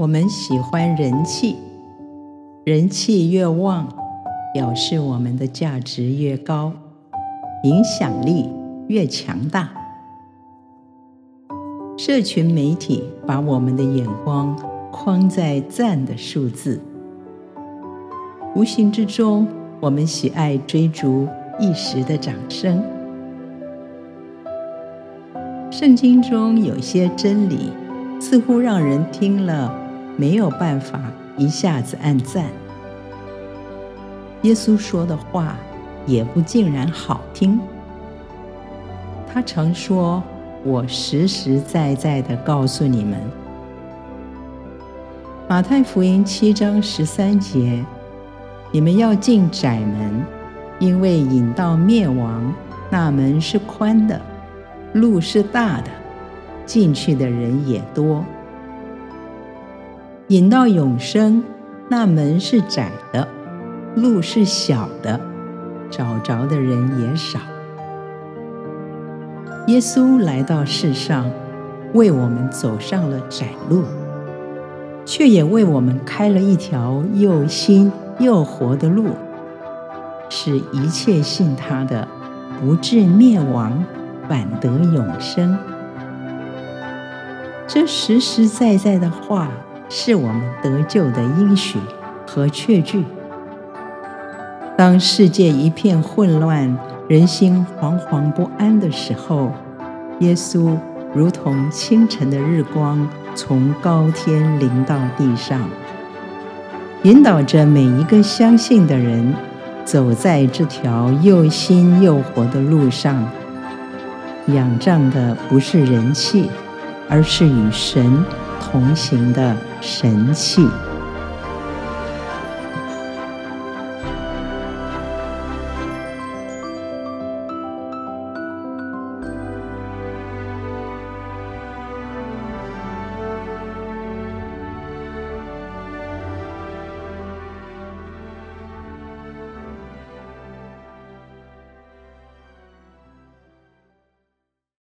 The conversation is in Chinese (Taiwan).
我們喜歡人氣，人氣越旺，表示我們的價值越高，影響力越強大。社群媒體把我們的眼光框在讚的數字，無形之中，我們喜愛追逐一時的掌聲。聖經中有些真理，似乎讓人聽了。沒有辦法一下子按讚。耶穌說的話也不盡然好聽。他曾說：“我實實在在的告訴你們，《馬太福音》七章十三節，你們要進窄門，因為引到滅亡，那門是寬的，路是大的，進去的人也多。”引到永生，那門是窄的，路是小的，找着的人也少。耶穌來到世上，為我們走上了窄路，卻也為我們開了一條又新又活的路，使一切信他的不至滅亡，反得永生。這實實在在在的話。是我們得救的應許和確據。當世界一片混亂，人心惶惶不安的時候，耶穌如同清晨的日光，從高天臨到地上，引導着每一個相信的人，走在這條又新又活的路上。仰仗的不是人氣，而是與神同行的神氣。